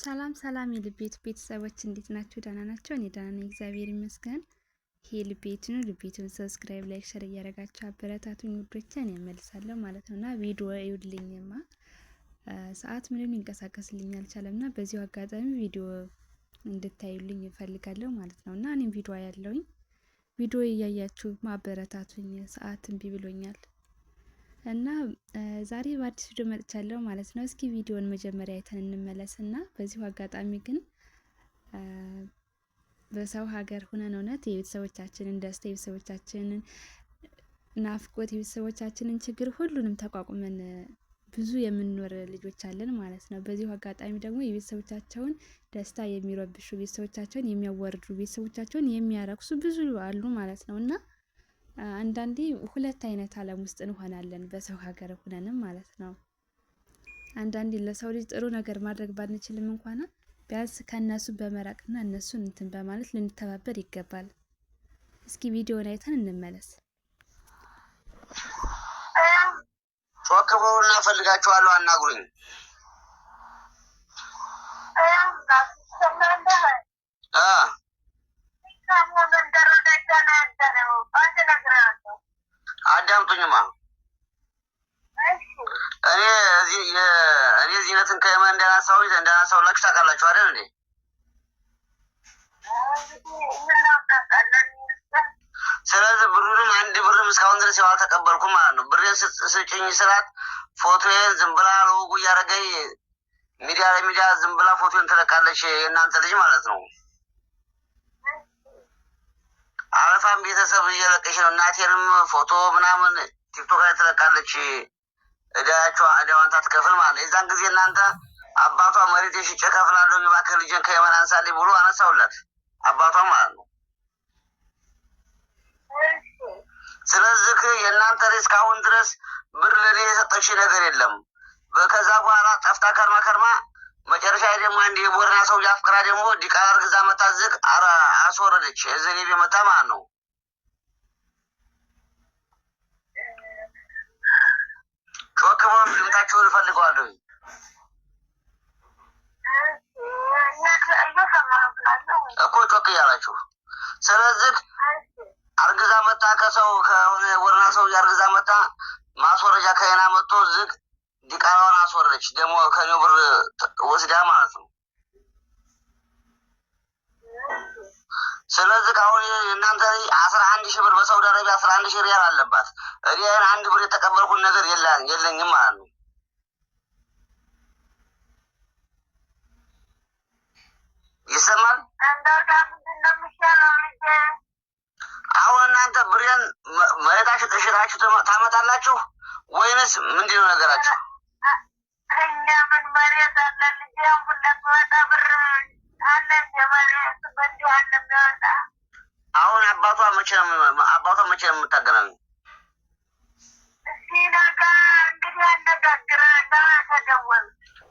ሰላም ሰላም የልቤቱ ቤተሰቦች እንዴት ናችሁ? ደህና ናቸው። እኔ ደህና ነኝ፣ እግዚአብሔር ይመስገን። ይሄ ልቤቱ ነው። ልቤቱን ሰብስክራይብ፣ ላይክ፣ ሸር እያደረጋችሁ አበረታቱኝ ውዶቼ። እኔ እመልሳለሁ ማለት ነውና ቪዲዮ ይውልኝማ ሰዓት ምንም ሊንቀሳቀስልኝ እና በዚሁ አጋጣሚ ቪዲዮ እንድታዩልኝ እፈልጋለሁ ማለት ነው እና እኔም ቪዲዮ ያለውኝ ቪዲዮ እያያችሁ ማበረታቱኝ፣ ሰዓት እምቢ ብሎኛል። እና ዛሬ በአዲስ ቪዲዮ መጥቻለሁ ማለት ነው። እስኪ ቪዲዮን መጀመሪያ አይተን እንመለስ እና በዚሁ አጋጣሚ ግን በሰው ሀገር ሁነን እውነት የቤተሰቦቻችንን ደስታ፣ የቤተሰቦቻችንን ናፍቆት፣ የቤተሰቦቻችንን ችግር ሁሉንም ተቋቁመን ብዙ የምንኖር ልጆች አለን ማለት ነው። በዚሁ አጋጣሚ ደግሞ የቤተሰቦቻቸውን ደስታ የሚረብሹ ቤተሰቦቻቸውን የሚያወርዱ ቤተሰቦቻቸውን የሚያረክሱ ብዙ አሉ ማለት ነው እና አንዳንዴ ሁለት አይነት ዓለም ውስጥ እንሆናለን በሰው ሀገር ሁነንም ማለት ነው። አንዳንዴ ለሰው ልጅ ጥሩ ነገር ማድረግ ባንችልም እንኳን ቢያንስ ከእነሱ በመራቅና እነሱን እንትን በማለት ልንተባበር ይገባል። እስኪ ቪዲዮን አይተን እንመለስ። ጮክ በሉና እፈልጋችኋለሁ፣ አናግሩኝ። አዳምጡኝማ። እኔ እኔ ዚነትን ከየማ እንዳናሳው እንዳናሳው ላችሁ ታውቃላችሁ አይደል እንዴ? ስለዚህ ብሩንም አንድ ብርም እስካሁን ድረስ ያው አልተቀበልኩም ማለት ነው። ብሬን ስጭኝ ስራት ፎቶዬን ዝም ብላ ለወጉ እያደረገኝ ሚዲያ ለሚዲያ ዝም ብላ ፎቶን ትለቃለች የእናንተ ልጅ ማለት ነው። አረፋም ቤተሰብ እየለቀች ነው። እናቴንም ፎቶ ምናምን ቲክቶክ ላይ ትለቃለች። እዳያቸዋ እዳዋን ታትከፍል ማለት የዛን ጊዜ እናንተ አባቷ መሬት የሽጨ ከፍላለሁ እባክህ ልጄን ከየመን አንሳል ብሎ አነሳውላት አባቷ ማለት ነው። ስለዚህ የእናንተ እስካሁን ድረስ ብር ለኔ የሰጠች ነገር የለም። ከዛ በኋላ ጠፍታ ከርማ ከርማ መጨረሻ ላይ ደግሞ አንድ የቦረና ሰው አፍቅራ ደግሞ ዲቃላ እርግዛ መታዝቅ አስወረደች። የዘኔቤ መታ ማለት ነው። ጮክ ብሎ ድምጣችሁን እፈልገዋለሁ። እኮ ጮክ እያላችሁ ስለዚህ አርግዛ መታ ከሰው ከሆነ ወረና ሰው አርግዛ መታ ማስወረጃ ከሄና መጥቶ ዝግ ዲቃዋን አስወረች ደግሞ ከኔ ብር ወስዳ ማለት ነው። ስለዚህ አሁን እናንተ አስራ አንድ ሺህ ብር በሳውዲ አረቢያ አስራ አንድ ሺህ ሪያል አለባት። ሪያን አንድ ብር የተቀበልኩት ነገር የለኝም ማለት ነው። ይሰማል። አሁን እናንተ ብሬን መሬታችሁ ሽራችሁ ታመጣላችሁ ወይንስ ምንድነው ነገራችሁ? መሬት አሁን አባቷ መቼ አባቷ መቼ ነው የምታገናኙ?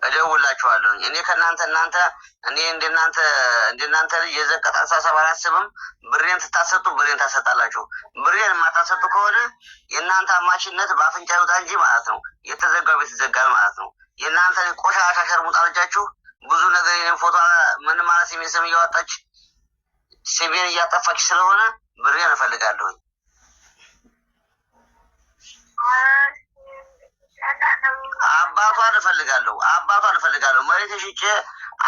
እደውላችኋለሁ። እኔ ከእናንተ እናንተ እኔ እንደናንተ እንደናንተ የዘቀጥ አሳሰብ አላስብም። ብሬን ትታሰጡ ብሬን ታሰጣላችሁ። ብሬን የማታሰጡ ከሆነ የእናንተ አማችነት በአፍንጫ ይወጣ እንጂ ማለት ነው። የተዘጋው ቤት ይዘጋል ማለት ነው። የእናንተ ቆሻሻ ሸርሙጣ ልጃችሁ ብዙ ነገር ይህን ፎቶ ምን ማለት ስሜን ስም እያወጣች ስሜን እያጠፋች ስለሆነ ብሬን እፈልጋለሁኝ። አባቷን እፈልጋለሁ። አባቷን እፈልጋለሁ። መሬት ሽጬ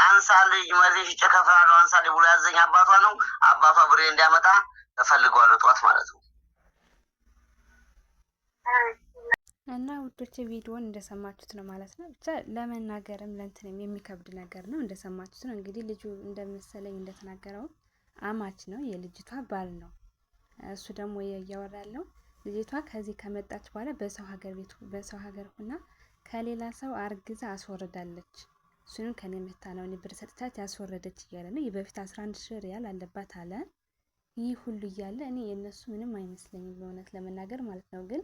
አንሳ ልጅ መሬት ሽጬ ከፍላለሁ አንሳ ልጅ ብሎ ያዘኝ አባቷ ነው። አባቷ ብሬ እንዲያመጣ እፈልገዋለሁ። ጠዋት ማለት ነው። እና ውዶች ቪዲዮን እንደሰማችሁት ነው ማለት ነው። ብቻ ለመናገርም ለእንትንም የሚከብድ ነገር ነው። እንደሰማችሁት ነው እንግዲህ ልጁ እንደመሰለኝ እንደተናገረው አማች ነው የልጅቷ ባል ነው። እሱ ደግሞ እያወራ ያለው ልጅቷ ከዚህ ከመጣች በኋላ በሰው ሀገር ቤቱ በሰው ሀገር ሁና ከሌላ ሰው አርግዛ አስወርዳለች። እሱንም ከኔ መታ ነው እኔ ብር ሰጥቻት ያስወረደች እያለ ነው። በፊት አስራ አንድ ሺህ ሪያል አለባት አለ። ይህ ሁሉ እያለ እኔ የእነሱ ምንም አይመስለኝም በእውነት ለመናገር ማለት ነው ግን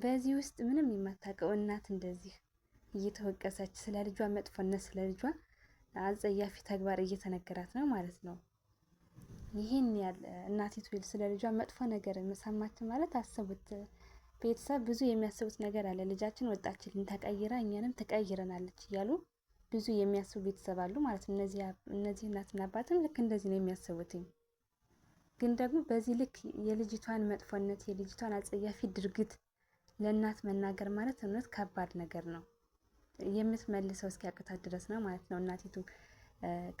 በዚህ ውስጥ ምንም የማታውቀው እናት እንደዚህ እየተወቀሰች ስለ ልጇ መጥፎነት ስለ ልጇ አጸያፊ ተግባር እየተነገራት ነው ማለት ነው። ይህን ያለ እናቲቱ ስለ ልጇ መጥፎ ነገር መሳማችን ማለት አስቡት። ቤተሰብ ብዙ የሚያስቡት ነገር አለ። ልጃችን ወጣችልን ተቀይራ እኛንም ተቀይረናለች እያሉ ብዙ የሚያስቡ ቤተሰብ አሉ ማለት ነው። እነዚህ እናትና አባትም ልክ እንደዚህ ነው የሚያስቡትኝ። ግን ደግሞ በዚህ ልክ የልጅቷን መጥፎነት የልጅቷን አጸያፊ ድርጊት ለእናት መናገር ማለት እውነት ከባድ ነገር ነው። የምትመልሰው እስኪያቅታት ድረስ ነው ማለት ነው። እናቲቱ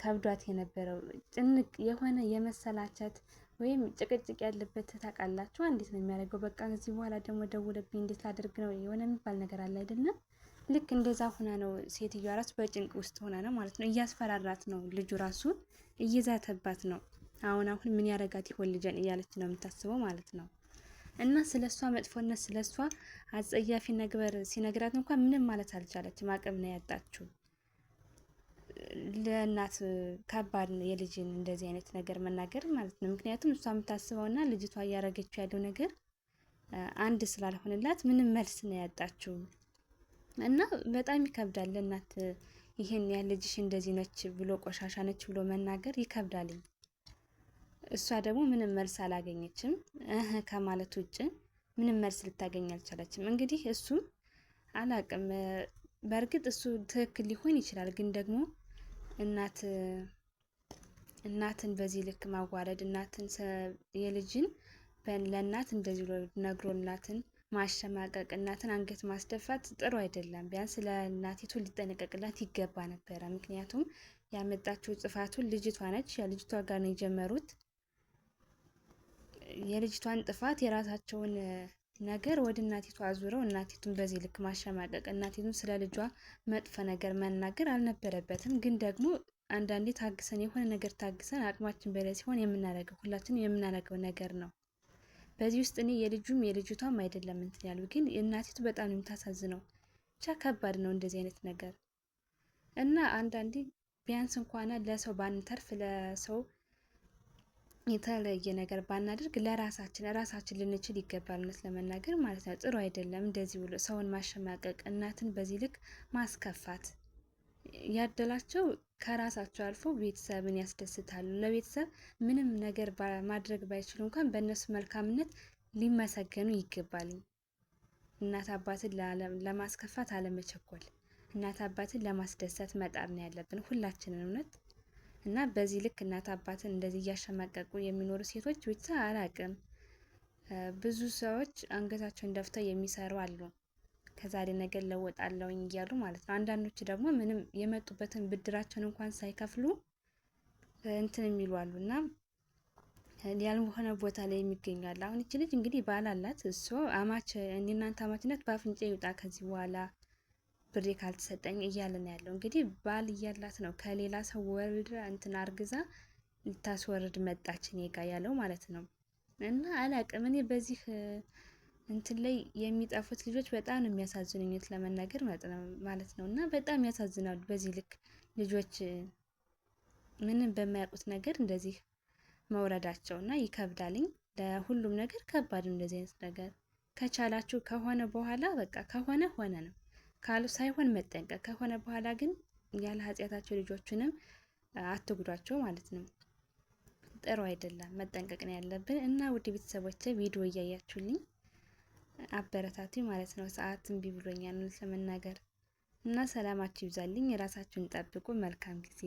ከብዷት የነበረው ጭንቅ የሆነ የመሰላቸት ወይም ጭቅጭቅ ያለበት ታውቃላችሁ፣ እንዴት ነው የሚያደርገው? በቃ እዚህ በኋላ ደግሞ ደውለብኝ እንዴት ላደርግ ነው የሆነ የሚባል ነገር አለ አይደለም? ልክ እንደዛ ሆና ነው ሴትዮዋ ራሱ በጭንቅ ውስጥ ሆና ነው ማለት ነው። እያስፈራራት ነው ልጁ ራሱ እየዛተባት ነው። አሁን አሁን ምን ያደርጋት ይሆን ልጄን እያለች ነው የምታስበው ማለት ነው። እና ስለ እሷ መጥፎነት ስለ እሷ አጸያፊ ነግበር ሲነግራት እንኳን ምንም ማለት አልቻለችም። አቅም ነው ያጣችው። ለእናት ከባድ የልጅን እንደዚህ አይነት ነገር መናገር ማለት ነው። ምክንያቱም እሷ የምታስበውና ልጅቷ እያደረገችው ያለው ነገር አንድ ስላልሆነላት ምንም መልስ ነው ያጣችው እና በጣም ይከብዳል ለእናት ይሄን ያ ልጅሽ እንደዚህ ነች ብሎ ቆሻሻ ነች ብሎ መናገር ይከብዳልኝ። እሷ ደግሞ ምንም መልስ አላገኘችም ከማለት ውጭ ምንም መልስ ልታገኝ አልቻለችም። እንግዲህ እሱም አላቅም። በእርግጥ እሱ ትክክል ሊሆን ይችላል፣ ግን ደግሞ እናት እናትን በዚህ ልክ ማዋረድ እናትን የልጅን ለእናት እንደዚህ ብሎ ነግሮ እናትን ማሸማቀቅ እናትን አንገት ማስደፋት ጥሩ አይደለም። ቢያንስ ለእናቲቱ ሊጠነቀቅላት ይገባ ነበረ። ምክንያቱም ያመጣችው ጥፋቱን ልጅቷ ነች። ልጅቷ ጋር ነው የጀመሩት። የልጅቷን ጥፋት የራሳቸውን ነገር ወደ እናቲቱ አዙረው እናቲቱን በዚህ ልክ ማሸማቀቅ፣ እናቲቱን ስለ ልጇ መጥፎ ነገር መናገር አልነበረበትም። ግን ደግሞ አንዳንዴ ታግሰን የሆነ ነገር ታግሰን አቅማችን በላይ ሲሆን የምናደርገው ሁላችንም የምናደርገው ነገር ነው። በዚህ ውስጥ እኔ የልጁም የልጅቷም አይደለም እንትን ያሉ፣ ግን እናቲቱ በጣም የምታሳዝነው ብቻ ከባድ ነው እንደዚህ አይነት ነገር እና አንዳንዴ ቢያንስ እንኳን ለሰው ባንተርፍ ለሰው የተለየ ነገር ባናደርግ ለራሳችን ራሳችን ልንችል ይገባል። እውነት ለመናገር ማለት ነው ጥሩ አይደለም። እንደዚህ ብሎ ሰውን ማሸማቀቅ፣ እናትን በዚህ ልክ ማስከፋት ያደላቸው ከራሳቸው አልፎ ቤተሰብን ያስደስታሉ። ለቤተሰብ ምንም ነገር ማድረግ ባይችሉ እንኳን በእነሱ መልካምነት ሊመሰገኑ ይገባል። እናት አባትን ለማስከፋት አለመቸኮል፣ እናት አባትን ለማስደሰት መጣር ነው ያለብን ሁላችንን እውነት እና በዚህ ልክ እናት አባትን እንደዚህ እያሸማቀቁ የሚኖሩ ሴቶች ብቻ አላቅም። ብዙ ሰዎች አንገታቸውን ደፍተው የሚሰሩ አሉ። ከዛሬ ነገር ለወጣለውኝ እያሉ ማለት ነው። አንዳንዶች ደግሞ ምንም የመጡበትን ብድራቸውን እንኳን ሳይከፍሉ እንትን የሚሉ አሉ እና ያልሆነ ቦታ ላይ የሚገኙ አሁን ይቺ ልጅ እንግዲህ ባል አላት። እሱ አማች እናንተ አማችነት በአፍንጫ ይውጣ ከዚህ በኋላ ብሬ ካልተሰጠኝ እያለ ነው ያለው። እንግዲህ ባል እያላት ነው ከሌላ ሰው ወልዳ እንትን አርግዛ ልታስወርድ መጣች እኔ ጋ ያለው ማለት ነው። እና አላቅም እኔ በዚህ እንትን ላይ የሚጠፉት ልጆች በጣም ነው የሚያሳዝኑኝት ለመናገር ማለት ነው። እና በጣም ያሳዝናሉ። በዚህ ልክ ልጆች ምንም በማያውቁት ነገር እንደዚህ መውረዳቸው እና ይከብዳልኝ። ለሁሉም ነገር ከባድ ነው እንደዚህ አይነት ነገር ከቻላችሁ ከሆነ በኋላ በቃ ከሆነ ሆነ ነው ካሉ ሳይሆን መጠንቀቅ ከሆነ በኋላ ግን ያለ ኃጢአታቸው ልጆቹንም አትጉዷቸው ማለት ነው። ጥሩ አይደለም፣ መጠንቀቅ ነው ያለብን እና ውድ ቤተሰቦች ቪዲዮ እያያችሁልኝ አበረታቱ ማለት ነው። ሰዓት እምቢ ብሎኛል ለመናገር እና ሰላማችሁ ይብዛልኝ። የራሳችሁን ጠብቁ። መልካም ጊዜ